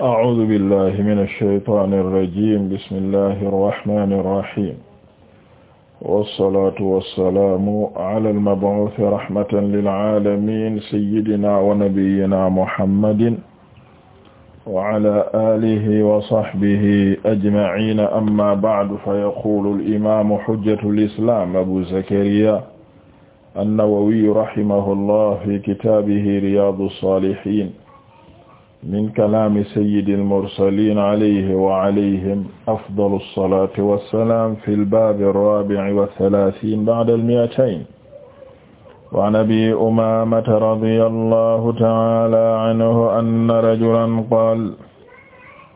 أعوذ بالله من الشيطان الرجيم بسم الله الرحمن الرحيم والصلاة والسلام على المبعوث رحمة للعالمين سيدنا ونبينا محمد وعلى آله وصحبه أجمعين أما بعد فيقول الإمام حجة الإسلام أبو زكريا النووي رحمه الله في كتابه رياض الصالحين min kalaami sayyidil mursaliin alayhi wa alayhim afdalu salaati wa salaam fil baabi raabi'i wa salaasiin ba'dal mi'atayn wa an abii umaamata radiyallaahu ta'aalaa anhu anna rajulan qaala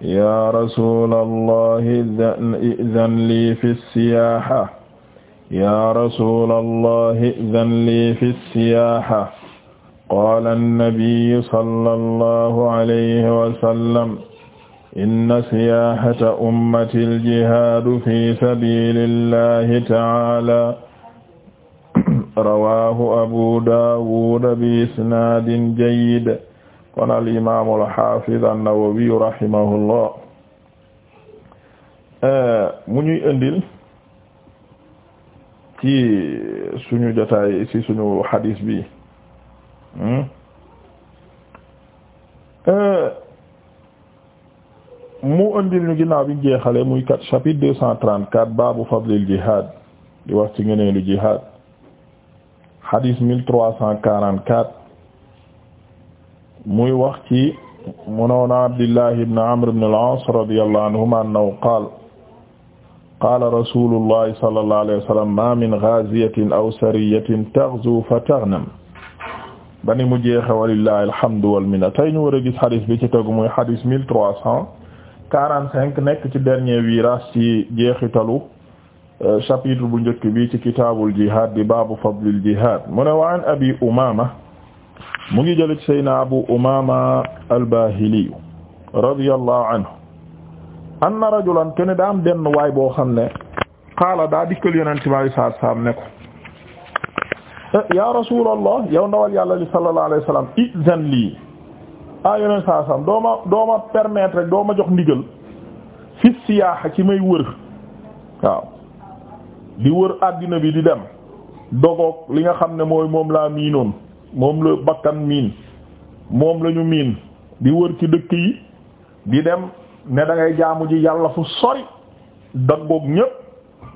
yaa rasuulallaahi i'zan lii fi siyaaha yaa rasuulallaahi i'zan lii fi siyaaha qaala annabiyu sallallahu alayhi wa sallam inna siyaahata ummati aljihaadu fi sabiilillahi ta'aala rawaahu abu daawuda bi isnaadin jayyid kon al imaamu alxaafid annawawi rahimahullah mu ñuy indil ci suñu jotaay ci suñu xadiis bi Hmm? Euh, mu andil ñu ginnaaw bi jeexale muy kat chapitre deux cent trente-quatre baabu fadlil jihad di wax ci ngëneelu jihad hadis mille trois cent quarante-quatre muy wax ci mu noon abdillahi ibn amr ibn al-aas radiyallahu anhuma annahu qaala qaala rasulullahi sallallahu alayhi wa sallam ma min ghaziyatin aw sariyatin taghzu fa taghnam ba mu jeexe walillahi alhamdu wal minna tey ñu war a gis xadis bi ci tegu muy xadis mille trois cent quarante-cinq nekk ci dernier virage ci jeexitalu euh, chapitre bu njëkk bi ci kitaabul jihad di baabu fadlil jihad mu ne wa an abi mu ngi jël ci sayna abu umama albahiliyu radiyallahu anhu anna rajulan kenn daam benn waay boo xam ne qaala daa dikkal yonente ne ko Eh, ya rasulallah yow ndawal yàlla li sallallahu alayhi wa sallam izan lii ah yoneen saa sam doo ma doo ma permettre doo ma jox ndigal fi siyaaxa ci may wër waaw di wër àddina bi di dem dogoog li nga xam ne mooy moom laa miinoon moom la bakkan miin moom lañu miin di wër ci dëkk yi di dem ne dangay ngay jaamu ji yàlla fu sori daggoog ñépp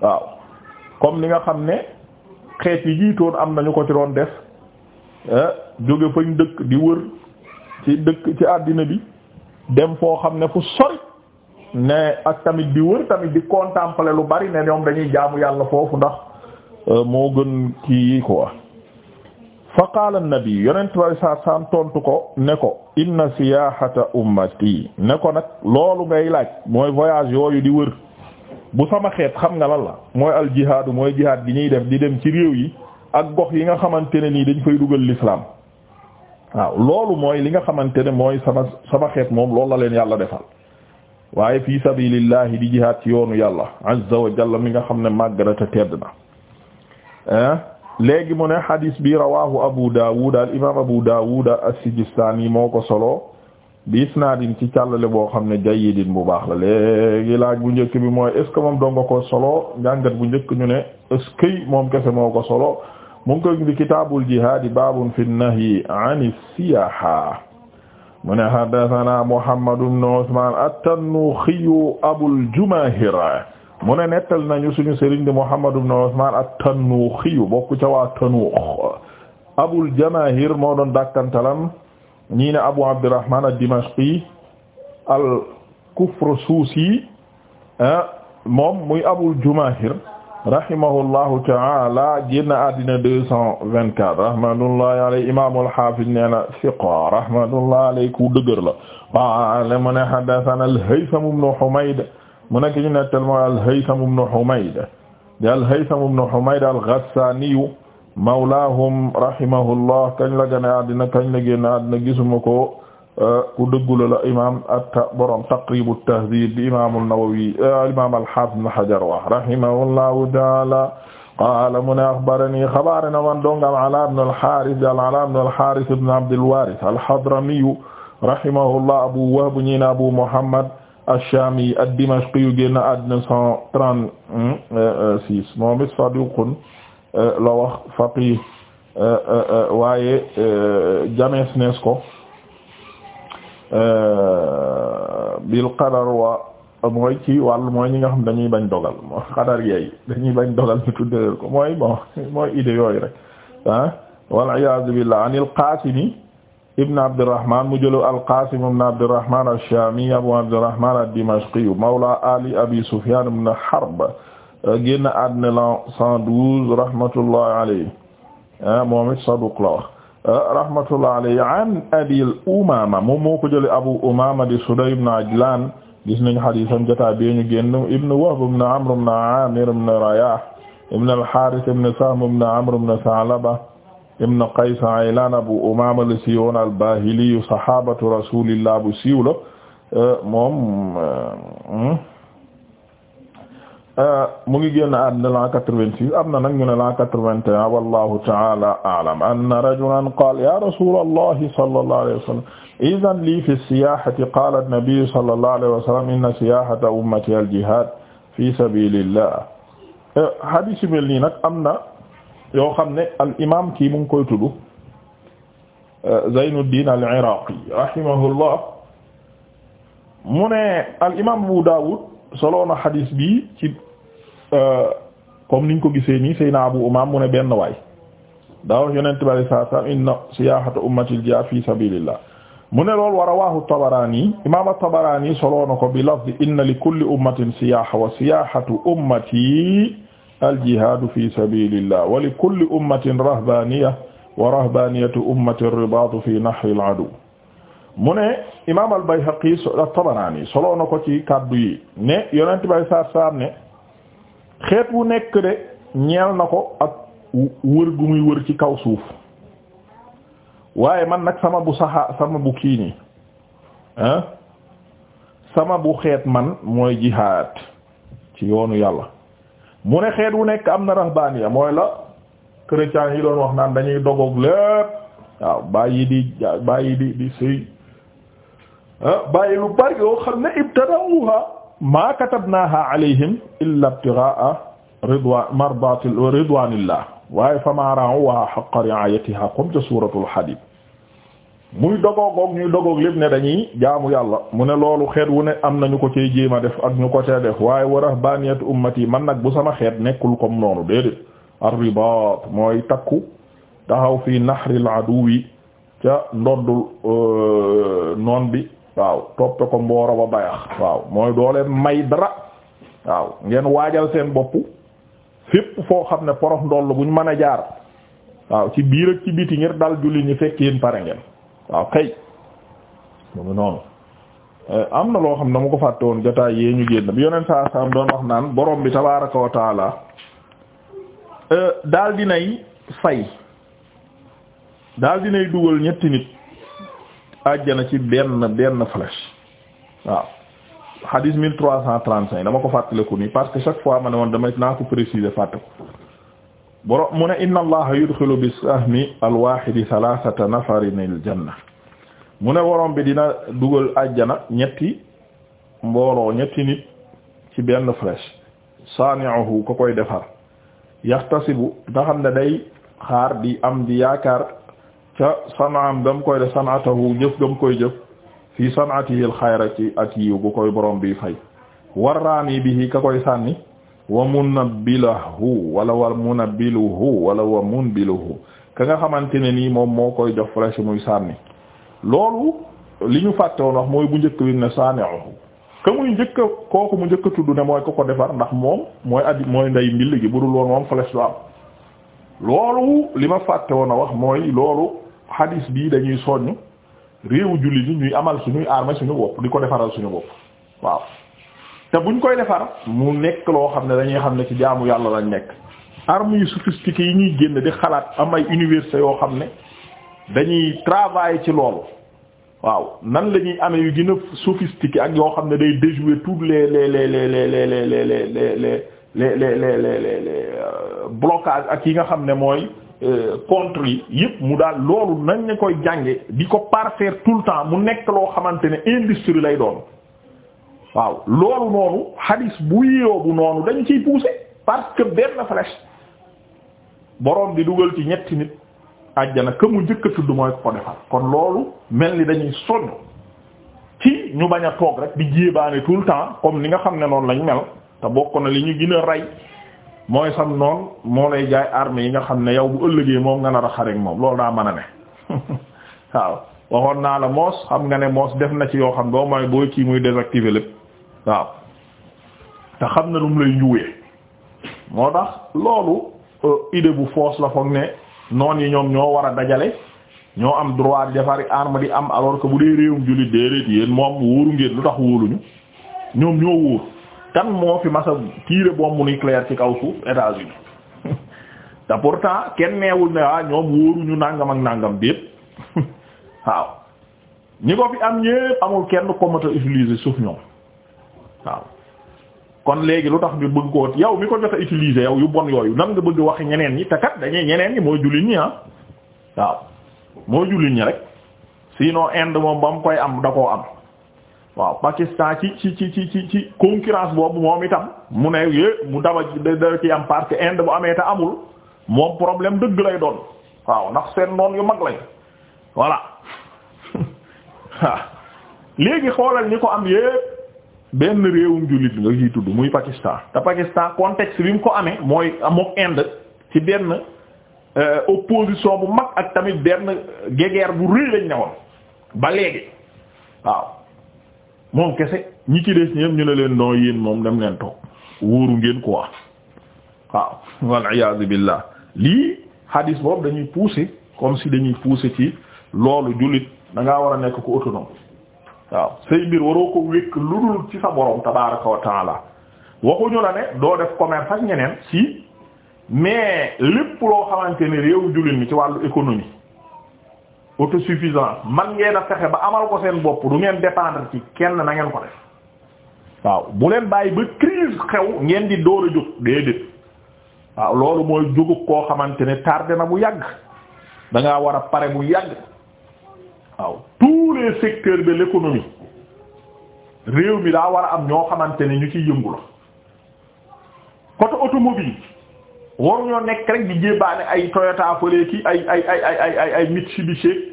waaw comme li nga xam ne xeet yi jiitoon am nañu ko ci doon def eh, jóge fañ dëkk di wër ci dëkk ci àddina bi dem foo xam ne fu sori ne ak tamit di wër tamit di contempler lu bari ne ñoom dañuy jaamu yàlla foofu ndax eh, moo gën kii yi quoi fa qaala an-nabi yonent bi saa saam tontu ko ne ko inna siyaahata ummati ne ko nag loolu ngay laaj mooy voyage yooyu di wër bu sama xeet xam nga lan la mooy al mooy jihaad gi ñuy def di dem ci réew yi ak gox yi nga xamante ne nii dañ fay dugal lislaam waaw loolu mooy li nga xamante ne mooy sama sama xeet moom loolu la leen yàlla defal waaye fi sabilillahi di jihaad ci yoonu yàlla azza wa jalla mi nga xam ne màgg na màggarata tedd na léegi mu ne hadis bi rawahu abu daawud al imam abu daawud as-sijistani moo ko solo bi isnaadin ci càllale boo xam ne jayyidin bu baax la léegi laaj bu njëkk bi mooy est ce que moom dong nga ko solo njàngat bu njëkk ñu ne est moom kese moo ko solo mu ngi ko bi kitaabul jihaadi baabun fi nahyi ani siyaaha mu ne haddathana Muhammad ibn Usman at-Tanuukhi Abul Jumaahir mu ne nettal nañu suñu sëriñ di Muhammad ibn Usman at bokk ca waa Tanuux Abul Jumaahir moo doon dakkantalam ñii ne Abu Abdurrahman ad-Dimashqi al-Kufr Suusi ah, moom muy Abul Jumahir rahimahullahu ta'ala génn àddina deux cent vingt quatre rahmatullahi alayhi imaamul haafiz nee na siqa rahmatullahi alayhi ku dëgër la qaala mu ne haddathana al-Haytham ibn Humayd mu nekk ñu nettal mooy al-Haytham ibn Humayd di al-Haytham ibn Humayd al-Ghassani mawlaahum rahimahullah kañ la gane àddina kañ la génn àddina gisuma ko euh, ku dëggula la imam atta borom taqribu tahdib di imam an-Nawawi euh, imam al-Hafiz ibn Hajar wa rahimahullahu taala qaala mu ne axbarani xabaare na man dongam Alaa ibn al-Haaris Alaa ibn al-Haaris ibn Abd al-Waaris al-Hadramiyu rahimahullah Abu Wahb ñi na Abu Muhammad ash-Shaami ad-Dimashqiyu génn àddina cent trente-six moom it saduuqun Euh, la wax faqih euh, euh, waaye jamees nees ko bil qadar wa mooy ci wàllu mooy ñi nga xam dañuy bañ dogal mooy qadar yeey dañuy bañ dogal mooy mooy idée yooyu rek ah wal iyaazu billah an il qaasimi ibn abdirahman mu jëlu al qaasim ibn abdirahman ash-shaami abu abdirahman ad-dimashqi mawla ali abi sufyaan ibn harb génn àddina la 112 rahmatullahi alayhi ah, moom it saduq la wax ah, rahmatullahi alayhi an Abi Umaama moom moo ko jëlee Abu Umaama di Sudayy ibn Ajlaan gis nañu hadiisam jotaay bi ñu génn ibn Wahb ibn Amr ibn Aamir ibn Rayaah ibn al-Haaris ibn Sahm ibn Amr ibn Sa'laba ibn Qays Aylaan Abu Umaama la siiwoon al-Baahili sahaabatu rasuulillah bu siiw la ah, moom hmm? Euh, mu ngi génn àddina la 86 am na nag ñu ne la 81 wallahu ta'ala a'lam anna rajulan qala ya rasulallahi sallallahu alayhi wa sallam idhan li fi siyahati qala an-nabi sallallahu alayhi wa sallam inna siyahata ummati al-jihad fi sabilillah euh, hadith mel nii nag am na yoo xam ne al imam kii mu ngi koy tudd euh, Zaynuddin al-Iraqi rahimahullah mu ne al imam Abu Dawud solo na hadith bi ci comme niñ ko gisee nii Seydina Abu Umaam mu ne benn waay daa wax yonent bi saa fi sabiilillah mu ne loolu wa rawaahu Tabaraani imaam at-Tabaraani soloo na ko bi lafdi inna li kulli ummatin siyaaha wa siyaahatu ummati al-jihaadu fi wa li kulli ummatin rahbaaniyya wa rahbaaniyatu ummati ar-ribaatu fi nahri al-aduw mu ne al-Bayhaqi at-Tabaraani ko ci kaddu yi ne yonent bi saa saa ne. xeet wu nekk de ñeel na ko ak wër gu muy wër ci kaw suuf waaye man nag sama bu saxaa sama bu kii nii sama bu xeet man mooy jixaat ci yoonu yàlla mu ne xeet wu nekk am na rahbaaniya mooy la chrétiens yi doon wax naan dañuy dogoog lépp waaw bàyyi di bàyyi di di sëy ah bàyyi lu bari yoo xam ne ibtada'uha maa katabnaha alayhim illa ibtigha'a ridwan mardati ridwanillah waaye fama ra'uha haqqa ri'ayatiha comme ca suratul hadid muy dogoogoog ñuy dogoog lépp ne dañuy jaamu yàlla mu ne loolu xeet wu ne am nañu ko cay jéem a def ak ñu ko cay def waaye wa rahbaniyatu ummati man nag bu sama xeet nekkul comme noonu déedéet arribat mooy takku taxaw fii nahril aduwi ca euh, noon bi waaw toppe ko mbooro ba bayax waaw mooy dooleen may dara waaw ngeen waajal seen bopp fépp foo xam ne porof ndoll buñ mën a jaar waaw ci biir ak ci biti ngir dal julli ñi fekk yéen pare ngeen waaw kay eh, am na loo xam ne mu ko fàtte woon jotaay yee ñu génn bi yoneen saa saam doon wax naan borom bi tabaaraka wa dal eh, daal dinay fay daal dinay dugal ñetti nit àjjana ci benn benn flèche waaw hadis mille trois cent trente dama ko fàttaliku nii parce que chaque fois ma ne woon dama naa ko préciser fàtte ko boro mu ne inna allaha yudxilu bi sahmi alwahidi thalathata nafarin al janna mu ne worom bi dina dugal àjjana ñetti mbooloo ñetti nit ci benn flèche saani'uhu ko koy defar yaxtasibu nga xam ne day xaar di am di yaakaar ca sanaam gam koy def sanatahu jëf gam koy jëf fi sanatihi alxayra ci at yiw bi fay warraami bihi ka koy sànni wa munabbilahu wala wa munabbiluhu wala wa munbiluhu ka nga xamante ne nii moom moo koy jox muy sànni loolu li ñu fàtte woon wax mooy bu njëkk bi ne saani'uhu njëkk a mu njëkk a tudd ne mooy ko ko moom mooy addi mooy nday mbill gi budul woon woon wax mooy loolu hadis bii dañuy soññ réewu jullit bi ñuy amal suñuy armée suñu bopp di ko defaral suñu bopp waaw te buñ koy defar mu nekk loo xam ne dañuy xam ne ci jaamu yàlla lañ nekk armes yu sophistiquées yi ñuy génn di xalaat am ay université yoo xam ne dañuy travailler ci loolu waaw nan lañuy ñuy amee yu gën a sophistiqué ak yoo xam ne day déjouer tous le les le les le le le les les le les les les blocages ak yi nga xam ne mooy Euh, contre yi yëpp mu daal loolu nañ ne koy jànge di ko parfaire tout le temps mu nekk loo xamante ne industrie lay doon waaw loolu noonu hadis bu yóbbu noonu dañu ciy pousser parce que benn flèche boroom di dugal ci ñetti nit àjjana que mu njëkk a tudd mooy ko defal kon loolu mel ni dañuy soññ ci ñu bañ a toog rek di jéebaane tout le temps comme ni nga xam ne noonu lañ mel te bokk na li ñu gën a rey mooy sam noon moo lay jaay armes yi nga xam ne yow bu ëllëgee moom nga nar a xareek moom loolu daa mën ne waaw waxoon naa la moos xam nga ne moos def na ci yoo xam doo mooy boo kii muy désactiver lépp waaw te xam na lu mu lay njuwee moo tax loolu euh, idée bu force la foog ne noon yi ñoom ñoo war a dajale ñoo am droit di defari arme di am alors ko bu dee réewum jullit déedéet yéen moom wóoru ngeen lu tax wóoluñu ñoom ñoo wóor kan moo fi masa tiire bombe nucléaire ci kaw suuf États-Unis te pourtant kenn neewul ne waa ah, ñoom wóoruñu nàngam ak nàngam déet waaw ñi ko fi am ñépp amul kenn comota utiliser suuf ñoom waaw kon léegi lu tax ñu bëgg ko yow mi ko jot a utiliser yow yu bon yooyu nan nga bëgg wax ñeneen ñi te kat dañuy ñeneen ñi mooy jullit ñi ah waaw mooy jullit ñi rek sinon Inde moom ba mu koy am da koo am waaw Pakistan ci ci ci ci ci ci concurrence boobu moom itam mu ne yé mu daba da ci am que Inde bu amee te amul moom problème dëgg lay doon waaw ndax seen noon yu mag lañ voilà léegi xoolal ñi ko am yépp benn réewum jullit nga ciy tudd muy Pakistan te Pakistan contexte bi mu ko amee mooy amook Inde ci benn euh, opposition bu mag ak tamit benn guerre bu rëy lañ ne woon ba léegi waaw moom kese ñi ci des ñëpp ñu ne leen non yéen moom dem leen toog wóoru ngeen quoi waaw wal iyaazu billah lii hadis boobu dañuy pousser comme si dañuy pousser ci loolu jullit da ngaa war a nekk ku autonome waaw say mbir waroo ko wékk lu dul ci sa borom tabaaraka wa taala waxuñu la ne doo def commerce ak ñeneen si mais lépp loo xamante ni réew jullit mi ci wàllu économie. autosuffisance man ngeen a fexe ba amal ko seen bopp du ngeen dépendre ci kenn na ngeen ko def waaw bu leen bàyyi ba crise xew ngeen di door a jóg déedéet waaw loolu mooy jógub koo xamante ne tardé na bu yàgg da war a pare bu yàgg waaw tous les secteurs de l'économie réew mi daa war a am ñoo xamante ne ñu ci yëngu la côté automobile waruñoo nekk rek di jébaane ay Toyota fële ki ay ay ay ay ay ay Mitsubishi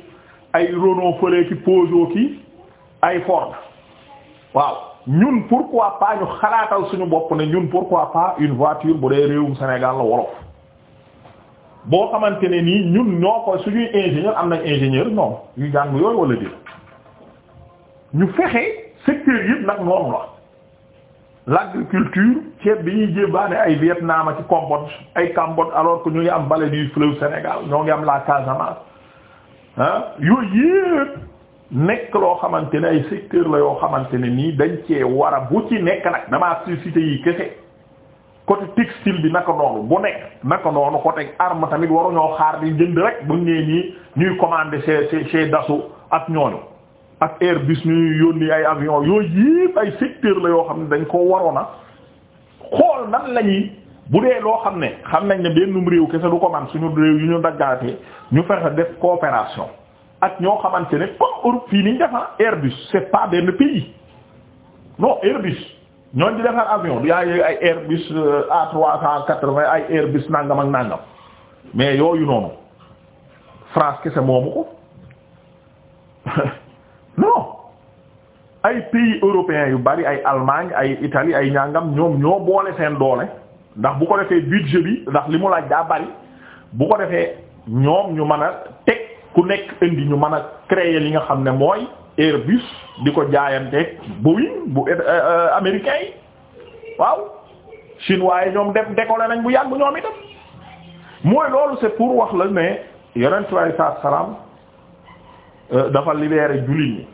ay Renault ki Peugeot ki ay Ford waaw ñun pourquoi pas ñu xalaatal suñu bopp ne ñun pourquoi pas une voiture bu dee réewum Sénégal la wolof boo xamante ne nii ñun ñoo ko suñuy ingénieur am nañ ingénieur ñoom yu jàng yooyu wala dé ñu fexe secteur yëpp nag noonu la l'agriculture ceeb bi ñuy jébaane ay Vietnam ci Cambodge ay Cambodge alors que ñu ngi am vallée du fleuve Sénégal ñoo ngi am la Casamance ah yooyu yépp nekk loo xamante ne ay secteur la yoo xamante ne nii dañ cee wara bu ci nekk nag damaa suscité yi kese côté textile bi naka noonu bu nekk naka noonu côté arme tamit waruñoo xaar di jënd rek bu ñee ñii ñuy commandé chez se chez ak ñooñu ak bis ñuy yónni ay avion yooyu yépp ay secteur la yoo xam ne dañ ko waroon a xool nan lañuy bu dee loo xam ne xam nañ ne benn réew kese du ko man suñu réew yu ñu daggaatee ñu fexe def coopération ak ñoo xamante ne comme Europe fii niñ defar Airbus c'est pas benn pays non Airbus ñoon di defar avion du yaa ay Airbus euh, A380 ay Airbus nangam ak nangam mais yooyu noonu France kese moomu ko non ay pays européens yu bari ay Allemagne ay Italie ay ñangam ñoom ñoo boole seen doole ndax bu ko defee budget bi ndax li mu laaj daa bari bu ko defee ñoom ñu mën a teg ku nekk indi ñu mën a créer li nga xam ne mooy Airbus di ko jaayante Boeing bu eh, eh, américain yi waaw chinois waaye ñoom def décollé nañ bu yàgg ñoom itam mooy loolu c'est pour wax la ne yonent bi alayhi salaatu salaam euh, dafa libéré jullit ñi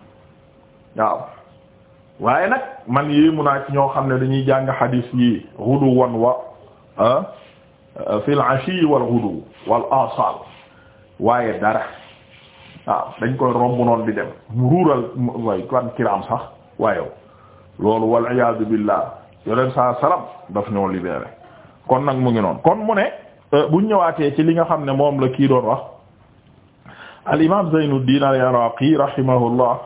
waaw waaye nag man yéemu naa ci ñoo xam ne dañuy jàng xadiis yi rudu won wa Ah, ah, fi al-ashi wal ghudu wal asal waaye dara waaw ah, dañ koy romb noon di dem mu ruural way kan kiram sax waayow loolu wal iyaadu billah yoleen saa salam daf ñoo libéré kon nag mu ngi noonu kon mu ne eh, buñ ñëwaatee ci li nga xam ne moom la kii doon wax al imam Zaynuddin al-Iraqi rahimahullah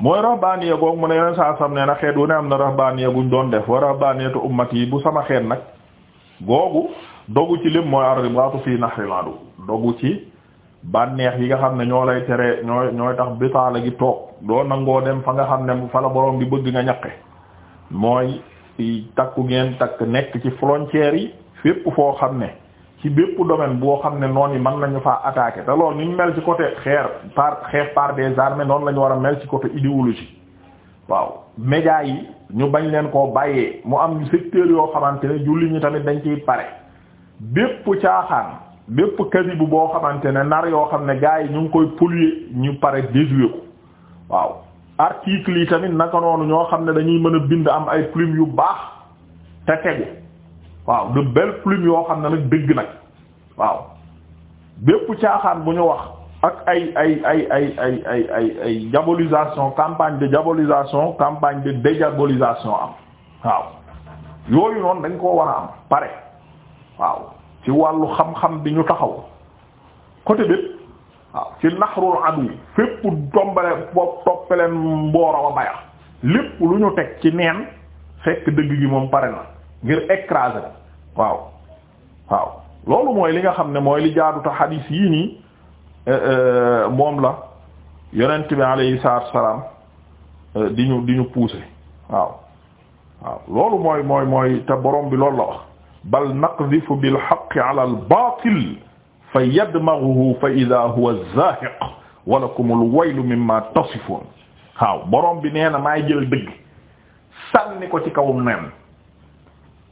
mooy rahbaaniya googu mu ne yoleen saa salam nee na xeet wu ne am na rahbaaniya buñ doon def wa rahbaaniyatu ummati bu sama xeet nag googu dogu ci lépp mooy arribaatu fii nax adu dogu ci bànneex yi nga xam ne ñoo lay tere ñooy ñooy tax bitaala gi toog doo nangoo dem fa nga xam ne fa la boroom bi bëgg nga ñaqe mooy takku ngeen takk nekk ci frontières yi fépp foo xam ne ci bépp domaine boo xam ne noon yi mën nañu fa attaquer te loolu ni mel ci côté xeer par xeex par des armées noonu la ñu war a mel ci côté idéologie waaw média yi ñu bañ leen koo bàyyee mu am secteur yoo xamante ne julli ñi tamit dañ ciy pare bépp caaxaan bépp kasi bu boo xamante ne nar yoo xam ne gars yi ñu ngi koy polluer ñu pare déjouer ko waaw article yi tamit naka noonu ñoo xam ne dañuy mën a bind am ay plume yu baax te tegu waaw de belles plumes yoo xam ne nag dëgg nag waaw bépp caaxaan bu ñu wax ak ay ay ay ay ay ay ay ay diabolisation campagne de diabolisation campagne de dédiabolisation am waaw yooyu noonu dañ koo war a am pare waaw ci wàllu xam-xam bi ñu taxaw côté bépp waaw ci naxarul adu fépp tombale bopp a baya lépp lu ñu teg ci neen fekk dëgg gi moom pare na ngir écraser waaw waaw loolu mooy li nga xam ne mooy li jaadu ta xadiis yii nii Eh, eh, moom la yonent bi alayhi salaatu wa salaam eh, di ñu di ñu pousser waaw waaw loolu mooy mooy mooy te borom bi loolu la wax bal naqdhifu bil haqqi ala al baatil fa yadmaghuhu fa idhaa huwa zaahiq wa lakumul waylu mimmaa tasifuun waaw borom bi nee na maay jël dëgg sànni ko ci kawum neen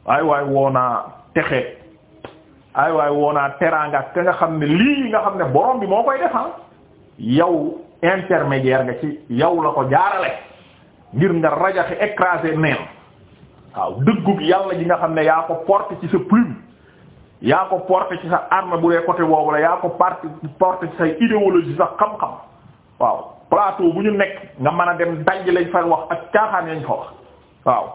ay waay woonaa texe ay waay woonaa teraanga ka nga xam ne lii nga xam ne borom bi moo koy defal ah. yow intermédiaire nga ci yow la ko jaarale ngir nga rajaxe écrasé neen waaw dëggug yàlla ji nga xam ne yaa ko porté ci sa plume yaa ko porté ci sa arme bu dee côté boobu la yaa ko parti porté ci sa idéologie sa xam-xam waaw plateau bu ñu nekk nga mën a dem daj lañ fa wax ak caaxaan yañ fa wax waaw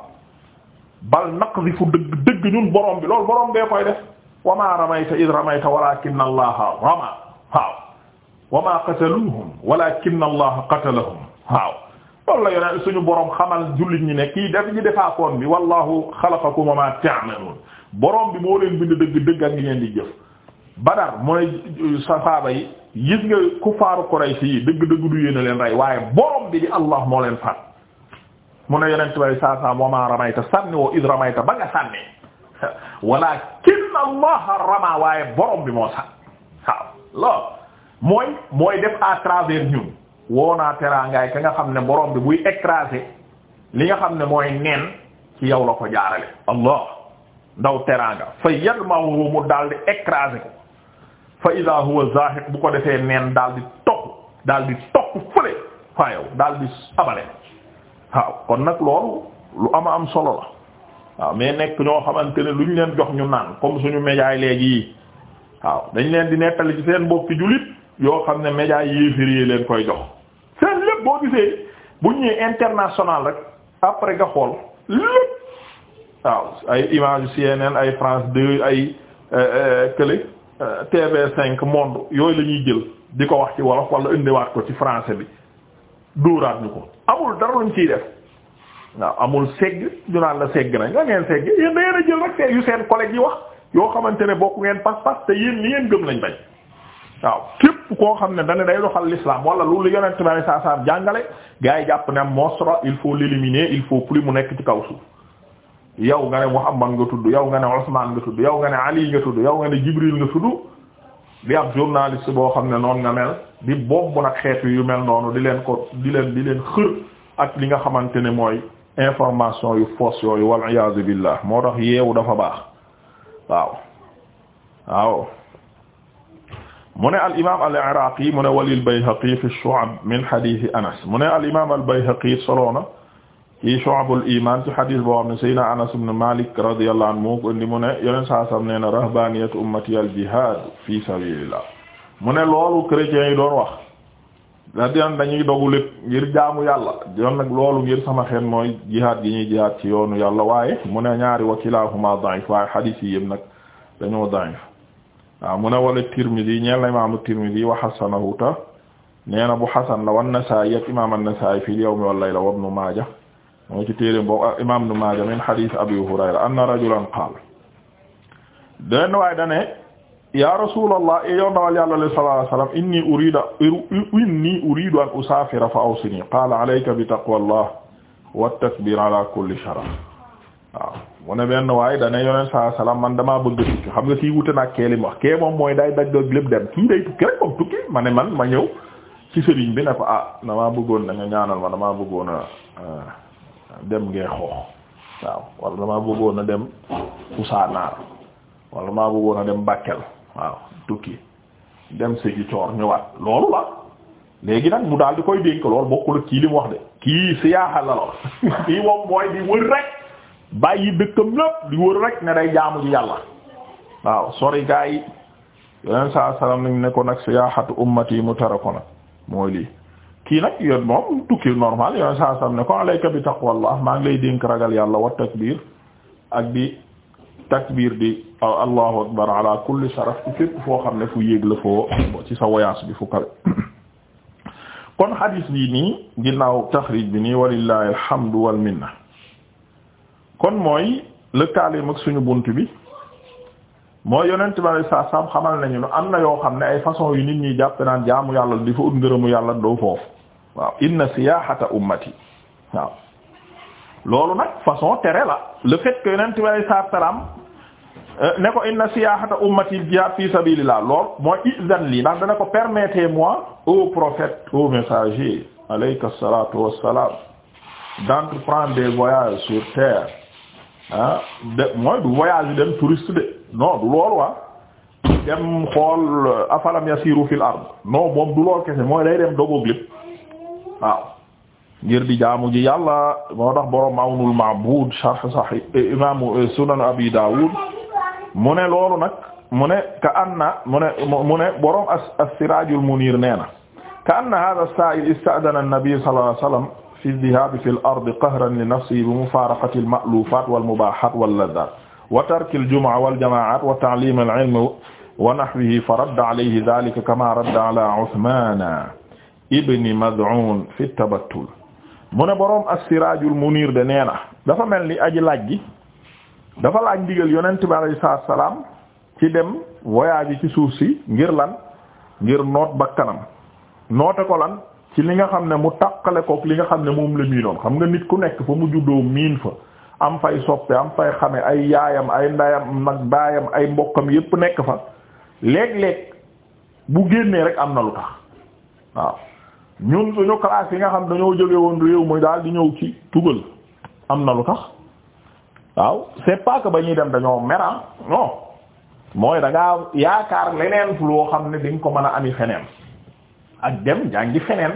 bal naqzifu dëgg dëgg ñun borom bi loolu borom bee koy def wa maa ramayta id ramayta walaakinna Allaha rama waaw wa maa qataluuhum walaakinna Allaha qatalahum waaw la yoneen suñu borom xamal jullit ñi ne kii def ñi defaakoon bi wallahu xalaqakum wa maa ta'maluun borom bi moo leen bind dëgg dëgg ak ñi ngeen di jëf. Badar mooy saxaaba yi gis nga kuffaaru Quraysh yi dëgg dëgg du yéene leen rey waaye borom bi di Allah moo leen faat mu ne yonent bi saa saa wa maa ramayta sànni woo id ramayta ba nga sànni walaakin inna allaha rama waaye borom bi moo sax waaw lool mooy mooy def à travers ñun woonaa teraangaay ka nga xam ne borom bi buy écraser li nga xam ne mooy nen ci yow la ko jaarale allah ndaw teraanga fa yadmahu mu daal di écraser ko fa idha huwa zahiq bu ko defee neen daal di toq daal di toq fële waayow daal di abale waaw kon nag loolu lu ama am solo la waaw mais nekk ñoo xamante ne lu ñu leen jox ñu naan comme suñu médias yi léegi yi waaw dañ leen di nettali ci seen bopp jullit yoo xam ne médias yéeférie leen koy jox seen lépp boo gisee bu ñu ñëwee international rek après nga xool lépp waaw ay image CNN ay France 2 ay euh, euh, kële euh, TV5 Monde yooyu la ñuy jël di ko wax ci wolof wala indiwaat ko ci français bi dóoraat ñu ko amul dara luñ ciy def waaw amul segg ñu naan la segg nañ la ngeen segg yéen da ngeen a jël rek te yu seen collègue yi wax yoo xamante ne bokk ngeen pas-pas te yéen li ngeen gëm lañ bañ waaw képp koo xam ne dañ day doxal l'islam wala loolu yonent bi saa saa jàngale gars yi jàpp ne monstre il faut l'éliminer il faut plus mu nekk ci kaw suuf yow nga ne Muhammad nga tudd yow nga ne Usman nga tudd yow nga ne Ali nga tudd yow nga ne Jibril nga tudd di ab journaliste boo xam ne noonu nga mel di bomb nag xeetu yu mel noonu di leen ko di leen di leen ak li nga xamante ne mooy information yu fausse yooyu wal iyaazu billah moo tax yeewu dafa baax waaw waaw mu ne al imaam al iraaqi mu ne walil bayhaqi fi shu'ab min hadiisi anas mu ne al imaam al bayhaqi solo na ci shu'abul iimaan ci hadiis boo xam ne sayyidina anas ibn maalik radiyallahu anhu moo ko indi mu ne yeneen saa sam nee na rahbaaniyatu ummati al jihaad fi sabiilillah mu ne loolu chrétiens yi doon wax. daan dañuy dogu lépp ngir jaamu yàlla yoon nag loolu ngir sama xel mooy jihaad gi ñuy jihaad ci yoonu yàlla waaye mu ne ñaari wakilaahuma da'if waaye xadiis yi yëpp nag dañoo da'if waaw mu ne wala Tirmidhi ñeel na imaamu Tirmidhi wa hasanahu ta nee na bu hasan la wan Nasaa'i ak imaam an-Nasaa'i fil yawmi wal layla wa Ibnu Maaja moo ci téere boobu imaam Ibnu Maaja min xadiis Abi Hurayra anna rajulan qaala den waay dane ya rasulallah e yow ndawal yàlla alayhi sallallahu alayhi wa sallam inni urida inni uridu an usaafira fa awsini qaala alayka bi taqwallah benn waaye dane yoneen saa salaam man damaa bëgg a tukki xam nga kii wute naag lépp dem kii ma ne man ma ñëw ci sëriñ bi ne ko ah damaa bëggoon na nga ñaanal ma dem ngee wala damaa bëggoon a dem Usaanaar wala a dem Bakel waaw tukki dem sëgi coor ñëwaat loolu la léegi nag mu daal di koy dénk loolu bokkul ak kii li mu wax de kii siyaaxa la lool kii moom mooy di wër rek bàyyi dëkkam lépp di wër rek ne day jaamu yàlla waaw sori gaa yi yeneen saa salaam nañ ne ko nag siyaaxatu ummati mu tere ko nag mooy lii kii nag yoon moom tukki normal saa salaam ne ko alayka bi taqwallah maa ngi lay dénk ragal yàlla wa takbir ak di takbir di allahu akbar ala kulli sharaf ci fépp foo xam ne fu yéeg la foo ci sa voyage bi fu kawe kon hadis bi nii ginnaaw taxrij bi nii walillahi alhamdu wal kon mooy lëkkaaleem ak suñu bunt bi mooy yonent bi saa saam xamal nañu ne am na yoo xam ne ay façon yu nit ñi jàppe naan jaamu yàlla di fa ut ngërëmu yàlla doo foofu waaw inna siyaahata ummati waaw loolu nag façon tere la le fait que yonent bi alayhi salaam euh, ne ko inna siyaahata ummati jihaad fi sabilillah lool mooy izan lii ndax dana ko permettez-moi ô prophète ô messager alayka salaatu wassalaam d'entreprendre des voyages sur terre ah de mooy du voyage dem touriste de non du loolu waa ah. dem xool euh, afalam yasiru fil ard non moom du lool kese mooy day dem dogoog waaw ngir di jaamu ji yàlla moo tax borom awnul ma'bud sharh sahih eh, imaamu eh, sunan abi daawud mu ne loolu nag mu ne ka anna mu ne mu ne borom as-siraajul muniir nee na ka anna haadha as-saa'il ista'dana an-nabi sallallahu alayhi wa sallam fi adh-dhahabi fi al-ardi qahran li nafsihi bi mufaaraqati al-ma'luufaat wal-mubaahaat wal-ladhaat wa tarki al-jumu'a wal-jama'aat wa ta'liim al-'ilm wa nahwihi fa radda alayhi dhaalika kamaa radda ala Uthmaan ibn Mad'uun fi at-tabattul mu ne boroom as mu Muniir de nee na dafa mel ni aji laaj gi dafa laaj ndigal yonent bi alayhi salaam ci dem voyage ci suuf si ngir lan ngir noot bakkanam noote ko lan ci li nga xam ne mu takkale kook li nga xam ne moom la miinoon xam nga nit ku nekk fa mu juddoo miin fa am fay soppe am fay xame ay yaayam ay ndayam nag baayam ay mbokkam yépp nekk fa léeg-léeg bu génnee rek am na lu tax waaw ñun suñu classe yi nga xam dañoo jóge woon réew muy daal di ñëw ci tugal am na lu tax waaw c'est pas ba ñuy dem dañoo mera ah non mooy da ngaa yaakaar leneen loo xam ne di ko mën a ami feneen ak dem jàngi feneen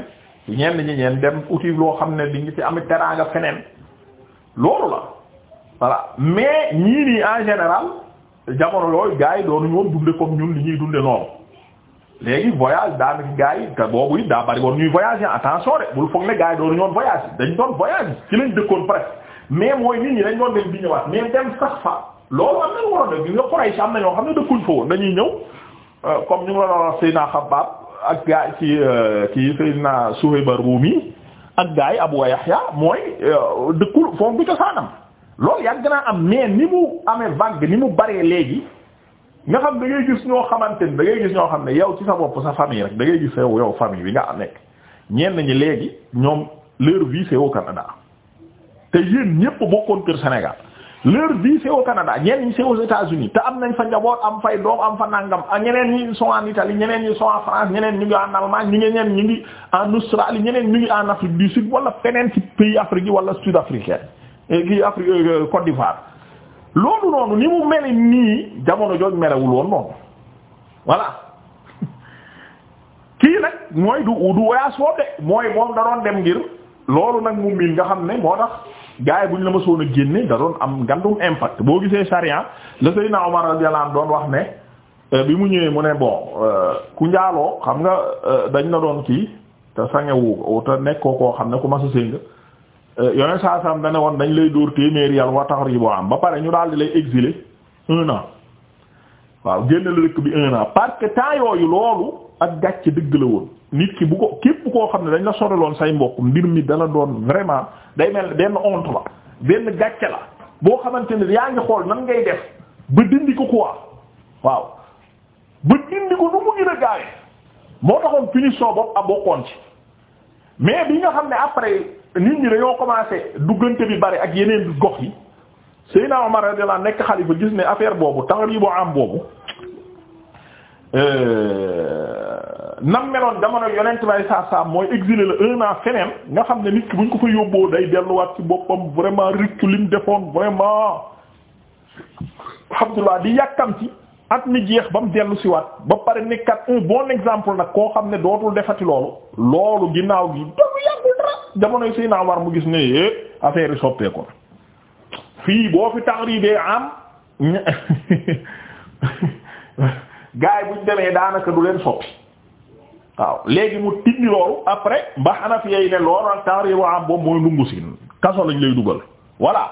ñenn ñi ñeen dem uti loo xam ne di nga ci ami teraanga feneen loolu la voilà mais ñii en général jamono yooyu gars yi doonu ñoom dunde comme ñun li ñuy dunde noonu léegi voyage daanaka gars yi te boobu it daa bari woon ñuy voyage attention de bul foog ne gars yi doon ñoon voyage dañ doon voyage ci lañ dëkkoon presque mais mooy nit ñi dañ doon dem di ñëwaat mais dem sax fa loolu am nañ waroon a gis nga Quraysh am na ñoo xam ne dëkkuñ fa woon dañuy ñëw euh, comme ñu ngi la doon wax Seydina ak gars yi ci euh, kii Seydina Suhayb Rumi ak gars yi Abu Yahya mooy euh, dëkkul foofu du cosaanam loolu yàgg naa am mais ni mu amee vague ni mu baree léegi. nga xam da ngay gis ñoo xamante ni da ngay gis ñoo xam ne yow ci sa bopp sa famille rek da ngay gis yow yow famille bi nga nekk ñenn ñi léegi ñoom leur vie c'est au Canada te yéen ñépp bokkoon kër Sénégal leur vie c'est au Canada ñenn ñi c'est aux te am nañ fa njaboot am fay doom am fa nangam ak ñeneen ñi sont en Italie ñeneen ñi sont en France ñeneen ñu ngi en Allemagne ñi ñu ngi en Australie ñu ngi en Afrique du Sud wala feneen ci pays Afrique yi wala sud-africain kii Afrique euh, Côte d'Ivoire loolu noonu ni mu meli nii jamono jooj melewul woon noonu voilà kii nag mooy du du voyage foofu de mooy moom da doon dem ngir loolu nag mu miin nga xam ne moo tax gaay bu ñu la ma soon a génne da doon am ngandum impact boo gisee sharia la Seydina Omar radiyallahu anhu doon wax ne euh, bi mu ñëwee mu ne bon euh, ku njaaloo xam nga euh, dañ la doon kii te sangewu te nekkoo koo xam ne ku masa sénga Euh, yoneen saa saam dana woon dañ lay dóor téeméeri yàlla wa boo am ba pare ñu daal di lay exiler un an waaw génn la dëkk bi un an parce que temps yooyu loolu ak gàcce dëgg la woon nit ki bu ko képp koo xam ne dañ la soraloon say mbokk mbir mi dala doon vraiment day mel benn honte la benn gàcce la boo xamante ne yaa ngi xool nan ngay def ba dindi ko quoi waaw ba dindi ko nu mu gën a gaawee moo taxoon finition boobu a bokkoon ci mais bi nga xam ne après. nit ñi dañoo commencé duggante bi bari ak yeneen bi gox yi Seydina Omar radiyallahu anhu nekk xalifa gis ne affaire boobu taxribu am boobu euh, nam meloon jamono yonent bay saa saa mooy exilé la un an feneen nga xam ne nit ki buñ ko fa yóbboo day delluwaat ci boppam vraiment riccu lim defoon vraiment alhamdulillah di yàkkam ci at mi jeex ba mu dellu si waat ba pare nekkat un bon exemple nag koo xam ne dootul defati loolu loolu ginnaaw gi jamono jamonoy Seydina Omar mu gis ne é affaire yi soppeeku fii boo fi taxribee am gars yi buñ demee daanaka du leen soppi waaw léegi mu tindi loolu après ba Hanafi yi ne loolu ak taxribu am boobu mooy ndungu si kaso lañ lay dugal voilà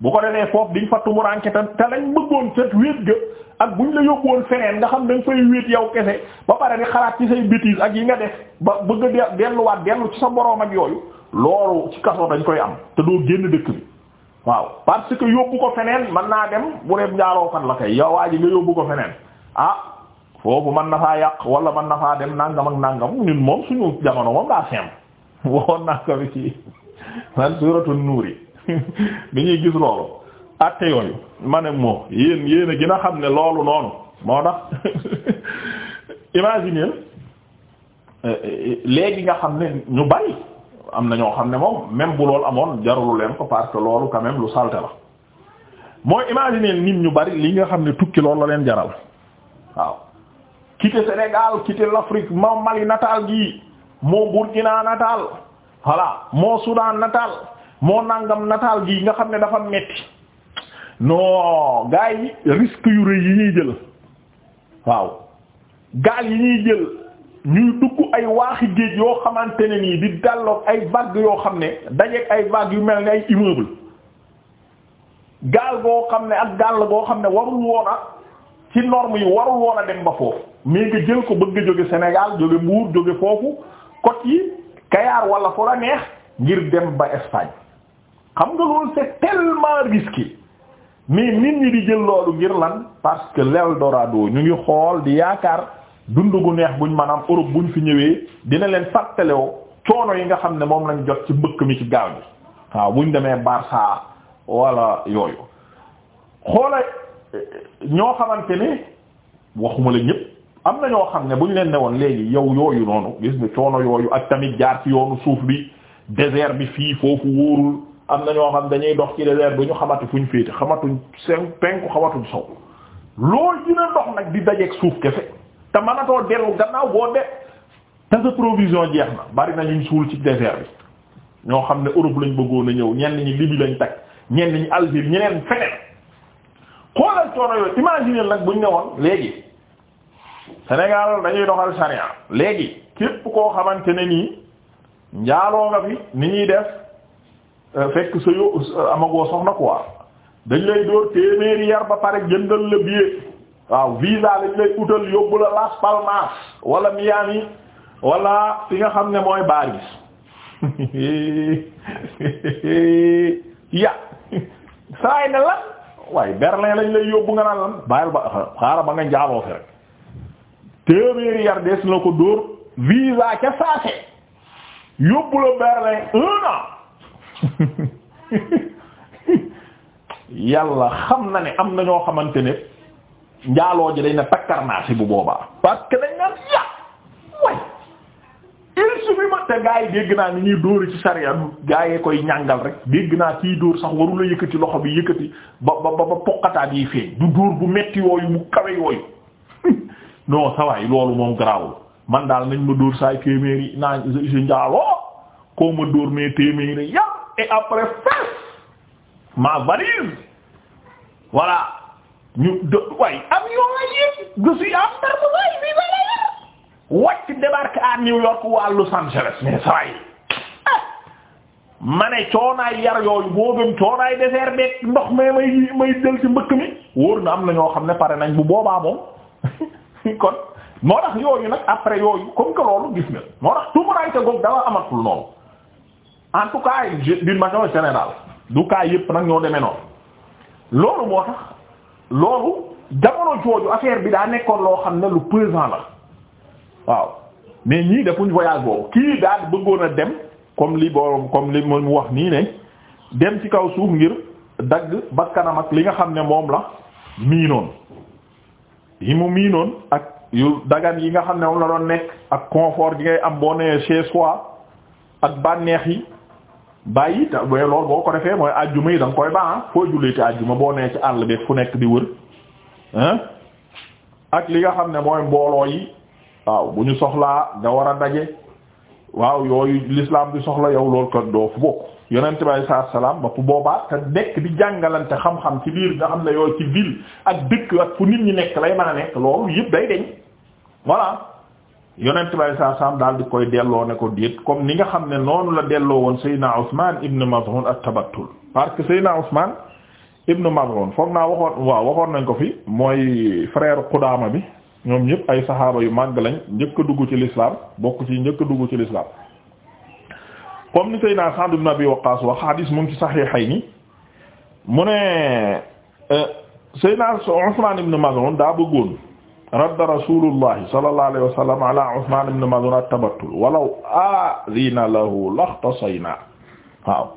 bu ko defee foofu diñ fa tumuranke te te lañ bëggoon set wéet ga ak buñ la yóbbuwoon feneen nga xam dañ fay wéet yow kese ba pare di xalaat ci say bêtises ak yi nga def ba bëgg a delluwaat dellu ci sa boroom ak yooyu loolu ci kaso dañ koy am te doo génn dëkk bi waaw parce que yóbbu ko feneen mën naa dem bu dee njaalookat la kay yow waa ji nga yóbbu ko feneen ah foofu mën na faa yàq wala man na faa dem nangam ak nangam ñun moom suñu jamono moom daa sem waxoon naa ko bi ci man suratul nuur yi bi ñuy gis loolu atte yooyu ma moo yéen yéen a gën a xam ne loolu noonu moo tax imagine euh, euh, léegi nga xam ne ñu bari am na ñoo xam ne moom même bu loolu amoon jarulu leen ko parce loolu quand lu salte la mooy imaginer nit ñu bari li nga xam ne tukki loolu la leen jaral waaw quitter Sénégal quitter l'Afrique ma Mali natal gi moo Burkina natal voilà moo Soudan natal moo nangam natal gi nga xam ne dafa metti non gars yi risque yu rëy yi ñuy jël waaw gaal yi ñuy jël ñuy dugg ay waaxi géej yoo xamante ne nii di dalloog ay vagues yoo xam ne dajeeg ay vagues yu mel ni ay immeuble gaal boo xam ne ak gaal goo xam ne warul woon a ci normes yi warul woon a dem ba foofu mais nga jël ko bëgg a jóge Sénégal jóge Mbuur jóge foofu côte yi Kayaar wala fu la neex ngir dem ba Espagne xam nga loolu c'est tellement risqué mais nit ñi di jël loolu ngir lan parce que l'Eldorado ñu ngi xool di yaakaar. dund gu neex buñ maanaam Europe buñ fi ñëwee dina leen fàttalewoo coono yi nga xam ne moom lañ jot ci mbëkk mi ci gaal gi waaw buñ demee Barça wala yooyu xoola ñoo xamante ne waxuma la ñëpp am na ñoo xam ne buñ leen ne woon léegi yow yooyu noonu gis nga coono yooyu ak tamit jaar ci yoonu suuf bi désert bi fii foofu wóorul am na ñoo xam dañuy dox ci désert bu ñu xamatu fuñ féete xamatuñ seen penku xamatuñ sow loolu dina dox nag di dajeeg suuf kese te man mënatoo dellu gannaaw boo de te sa provision jeex na bari nañu ñu suul ci désert bi ñoo xam ne Europe lañ bëggoon a ñëw ñenn ñi Libye lañ teg ñenn ñi Algérie ñeneen feneen xoolal coono yooyu imaginer nag buñ ne woon léegi Sénégal dañuy doxal charia léegi képp koo xamante ne nii njaaloo nga fi ni ñuy def euh, fekk sa yo amagoo soxna quoi dañ lay door téeméeri yar ba pare jëndal la billet. waaw visa lañ lay utal yóbbu la Las Palmas walla Miami wala fi nga xam ne mooy baar Paris ya saay na lan waaye Berlin lañ lay yóbbu nga naan lan bàyyil ba xaara ba nga njaaloo fi rek téeméeri yar na ko dóor visa ca saase yóbbu la Berlin un an xam na ne am na ñoo xamante ne njaaloo ji dañ ne takkar naa si bu boobaa parce que dañ naan ya way il suffit ma te gaa dégg naa ni ñuy dóori ci sariya gaa yee koy ñàngal rek dégg naa kii dóor sax waru la loxo bi yëkkati ba ba ba poqataat yi feeñ du dóor bu metti yooyu bu kawe yooyu non ça loolu moom garaawul man daal nañ ma dóor saay téeméeri naa si njaaloo koo ma dóor mais téeméeri yàpp et après fes ma valise voilà ñu de waaye am yoo yëpp je suis am New York waa Los Angeles mais saa ah! ma ne coonaay yar yooyu boo coonaay désert beeg ndox mais may may jël mbëkk mi wóor na am na ñoo xam ne pare nañ bu boobaa moom kon moo tax yooyu nag après yooyu comme que loolu gis nga moo tax tumuraayte goog dala amatul noonu en tout cas d'une manière générale du cas yëpp nag ñoo demee noonu loolu moo tax loolu jamono jooju affaire bi daa nekkoon loo xam ne lu pesant la waaw mais ñii defuñ voyage boobu kii daal bëggoon dem comme li borom comme li mu wax nii ne dem ci kaw suuf ngir dagg bakkanam ak li nga xam ne moom la miinoon yi mu miinoon ak yu dagan yi nga xam ne moom la doon nekk ak confort gi ngay am boo nee chez soi ak bànneex yi bàyyi ta loolu boo ko defee mooy ajjuma yi da nga koy baax ah. foo jullee te ajjuma boo nee ci àll bi fu nekk di ak li nga xam ne mooy mbooloo yi ñu soxlaa nga war a daje waaw yooyu l'islam bi soxla yow loolu ko doo fu bokk yonent bi nekk di jàngalante xam ci biir xam ne yooyu ak dëkk ak fu nit ñi nekk lay mën a nekk loolu yëpp day deñ voilà yonent bay saa saam daal di koy delloo ne ko déet comme ni nga xam ne noonu la delloo woon Seydina Ousmane Ibn Maz'un ak tabattul parce que Seydina Ousmane Ibn Maz'un foog naa waxoon waaw waxoon nañ ko fi mooy frère Qudaama bi ñoom ñëpp ay saxaaba yu màgg lañ njëkk a dugg ci l'islam bokk ci njëkk a dugg ci l'islam comme ni Seydina Sa'd bi Abi Waqqas wax hadis mu ngi ci Sahihayni mu ne euh, Seydina Ousmane Ibn Maz'un daa bëggoon. radda rasulullahi sallallahu alayhi wa sallam ala Usman ibn Maz'un at-tabattul walaw aadina lahu laxtasayna waaw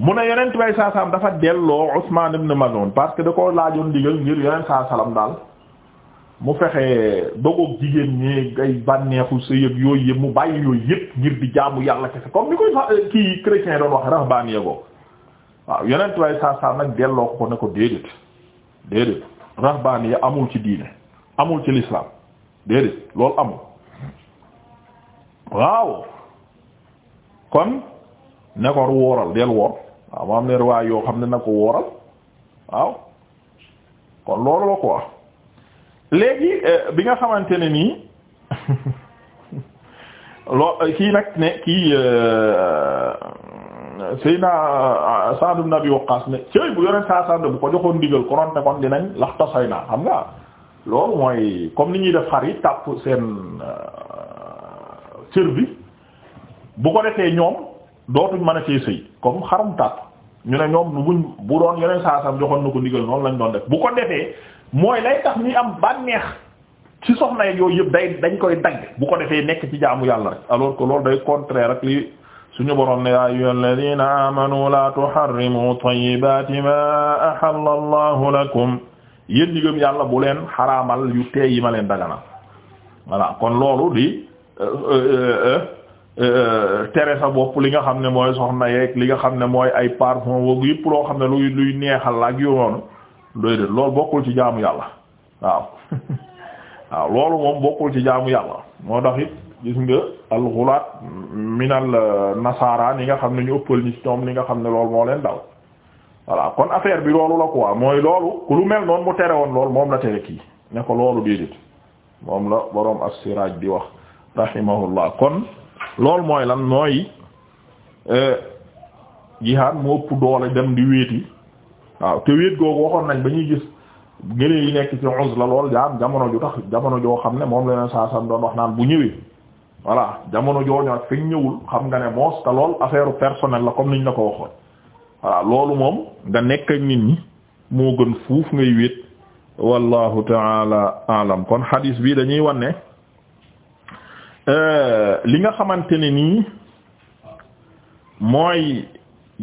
mu ne yonent bay dafa delloo Usman ibn Maz'un parce que da ko laajoon digal ngir yonent saa salaam daal mu fexe dogoog jigéen ñi ay bànneexu sa yëg yooyu yëpp mu bàyyi yooyu yëpp ngir di jaamu yàlla kese comme ni koy kii chrétien doon wax rahbaan yegoo waaw yonent bay saa nag delloo ko ne ko déedéet déedéet rahbaan ya amul ci diine amul ci l'islam déedéet loolu amul waaw kon ne wooral del woor waaw moo am ne riwaay yoo xam ne na ko wooral waaw kon loolu la quoi léegi euh, bi nga xamante ne nii loo euh, kii nag ne kii euh, Seydina Sa'd ibn Abi Waqqas ne cëy bu yoneen saa sand bu ko joxoon digal konoon ne dinañ lax tasay naa xam nga loolu mooy comme ni ñuy def xar yi tàpp seen euh, cër bi bu ko defee ñoom dootuñ mën a cee sëy comme xarum tàpp ñu ne ñoom nu buñ bu doon yeneen saasam joxoon na ko ndigal noonu lañu doon def bu ko defee mooy lay tax ñuy am bànneex ci soxna yooyu yëpp day dañ koy dagg bu ko defee nekk ci jaamu yàlla rek alors que loolu day contraire rek li suñu borom ne yaa ayyuha alladina amanu la tuharrimu tayyibati ma ahalla allahu lakum yéen ñi yàlla bu leen xaraamal yu tee yi ma leen daganal voilà kon loolu di euh, euh, euh, tere sa bopp li nga xam ne mooy soxna yeeg li nga xam ne mooy ay parfum woog yëpp loo xam ne luy luy neexal la ak yu noonu doy de loolu bokkul ci jaamu yàlla waaw waaw loolu moom bokkul ci jaamu yàlla moo tax it gis nga alxulaat minal nasaraan yi nga xam ne ñu ëppal ñi ci ñoom li nga xam ne loolu moo leen dal voilà kon affaire bi loolu la ko quoi mooy loolu ku lu mel noonu mu tere woon loolu moom la tere kii ne ko loolu déedéet moom la boroom as-Siraaj di wax rahimahullah kon loolu mooy lan mooy euh, jihaad mu ëpp doole di wéeti waaw te wéet googu ba ñuy gis ngëneel yi nekk ci la lool jaam jamono ju tax jamono joo xam ne moom la saa san doon wax naan bu ñëwee voilà jamono joo ñëw ak fi ñëwul xam nga ne moos te lool affaire personnelle la comme niñ la ko waxoon waaw loolu moom nga nekk nit ñi moo gën fuuf ngay wéet wallahu taala alam kon hadis bii dañuy wanne euh, li nga xamante ni nii mooy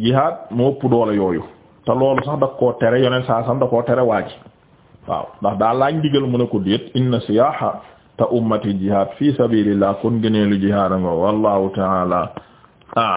jihaad moo ëpp yooyu te loolu sax da koo tere yonent saa sam da koo tere waaj waaw ndax daa laaj digal mën a ko déet inna siyaha te ummati jihaad fi sabilillah kon gëneelu jihaad nga wallahu taala